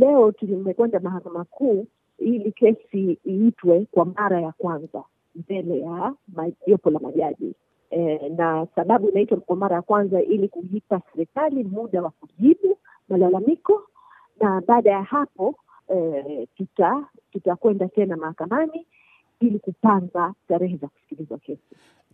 Leo tumekwenda mahakama kuu ili kesi iitwe kwa mara ya kwanza mbele ya jopo la majaji e, na sababu inaitwa kwa mara ya kwanza ili kuipa serikali muda wa kujibu malalamiko, na baada ya hapo e, tutakwenda tuta tena mahakamani ili kupanga tarehe za kusikilizwa kesi.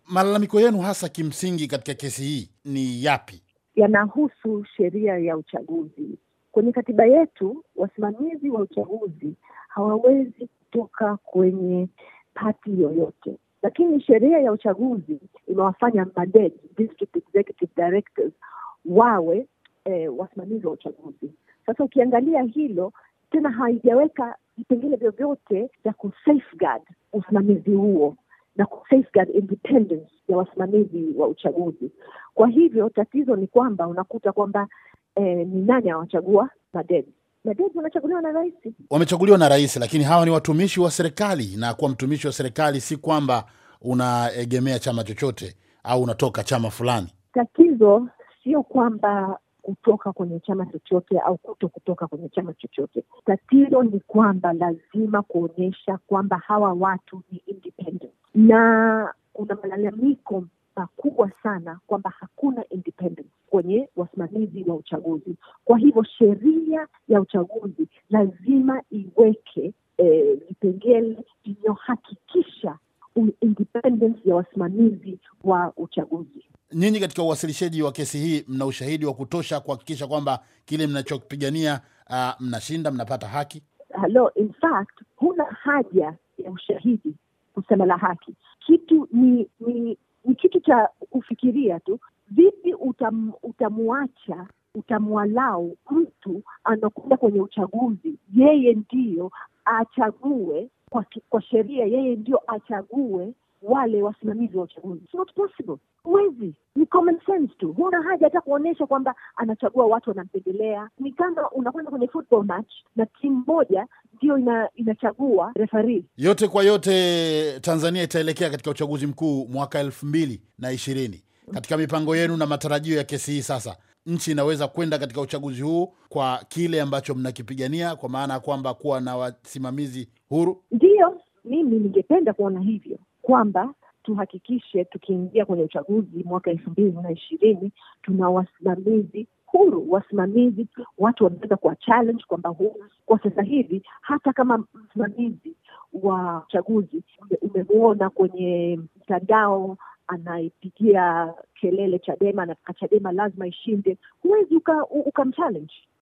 Malalamiko yenu hasa kimsingi katika kesi hii ni yapi? Yanahusu sheria ya uchaguzi Kwenye katiba yetu wasimamizi wa uchaguzi hawawezi kutoka kwenye pati yoyote, lakini sheria ya uchaguzi imewafanya district executive directors, wawe eh, wasimamizi wa uchaguzi. Sasa ukiangalia hilo tena, haijaweka vipengele vyovyote vya ku usimamizi huo na ku independence ya wasimamizi wa uchaguzi. Kwa hivyo tatizo ni kwamba unakuta kwamba eh, ni nani awachagua madeni madeni wanachaguliwa na rais, wamechaguliwa na rais, lakini hawa ni watumishi wa serikali, na kuwa mtumishi wa serikali si kwamba unaegemea chama chochote au unatoka chama fulani. Tatizo sio kwamba kutoka kwenye chama chochote au kuto kutoka kwenye chama chochote. Tatizo ni kwamba lazima kuonyesha kwamba hawa watu ni independent, na kuna malalamiko kubwa sana kwamba hakuna independence kwenye wasimamizi wa uchaguzi. Kwa hivyo sheria ya uchaguzi lazima iweke eh, vipengele eh, vinavyohakikisha independence ya wasimamizi wa uchaguzi. Nyinyi katika uwasilishaji wa kesi hii mna ushahidi wa kutosha kuhakikisha kwamba kile mnachokipigania uh, ah, mnashinda, mnapata haki? Hello, in fact, huna haja ya ushahidi kusema la haki. Kitu ni cha kufikiria tu, vipi utam, utamwacha utamwalau mtu anakuja kwenye uchaguzi, yeye ndiyo achague kwa, kwa sheria, yeye ndio achague wale wasimamizi wa uchaguzi. It's not possible, huwezi. Ni common sense tu, huna haja hata kuonyesha kwamba anachagua watu wanampendelea. Ni kama unakwenda kwenye football match na timu moja ndiyo ina, inachagua refari. Yote kwa yote, Tanzania itaelekea katika uchaguzi mkuu mwaka elfu mbili na ishirini. Katika mipango yenu na matarajio ya kesi hii sasa, nchi inaweza kwenda katika uchaguzi huu kwa kile ambacho mnakipigania, kwa maana ya kwamba kuwa na wasimamizi huru? Ndiyo, mimi ningependa kuona hivyo kwamba tuhakikishe tukiingia kwenye uchaguzi mwaka elfu mbili na ishirini tuna wasimamizi huru wasimamizi, watu wanaweza kuwa challenge kwamba huu kwa sasa hivi, hata kama msimamizi wa uchaguzi umemwona kwenye mtandao anaipigia kelele Chadema, anataka Chadema lazima ishinde, huwezi ukamchallenge uka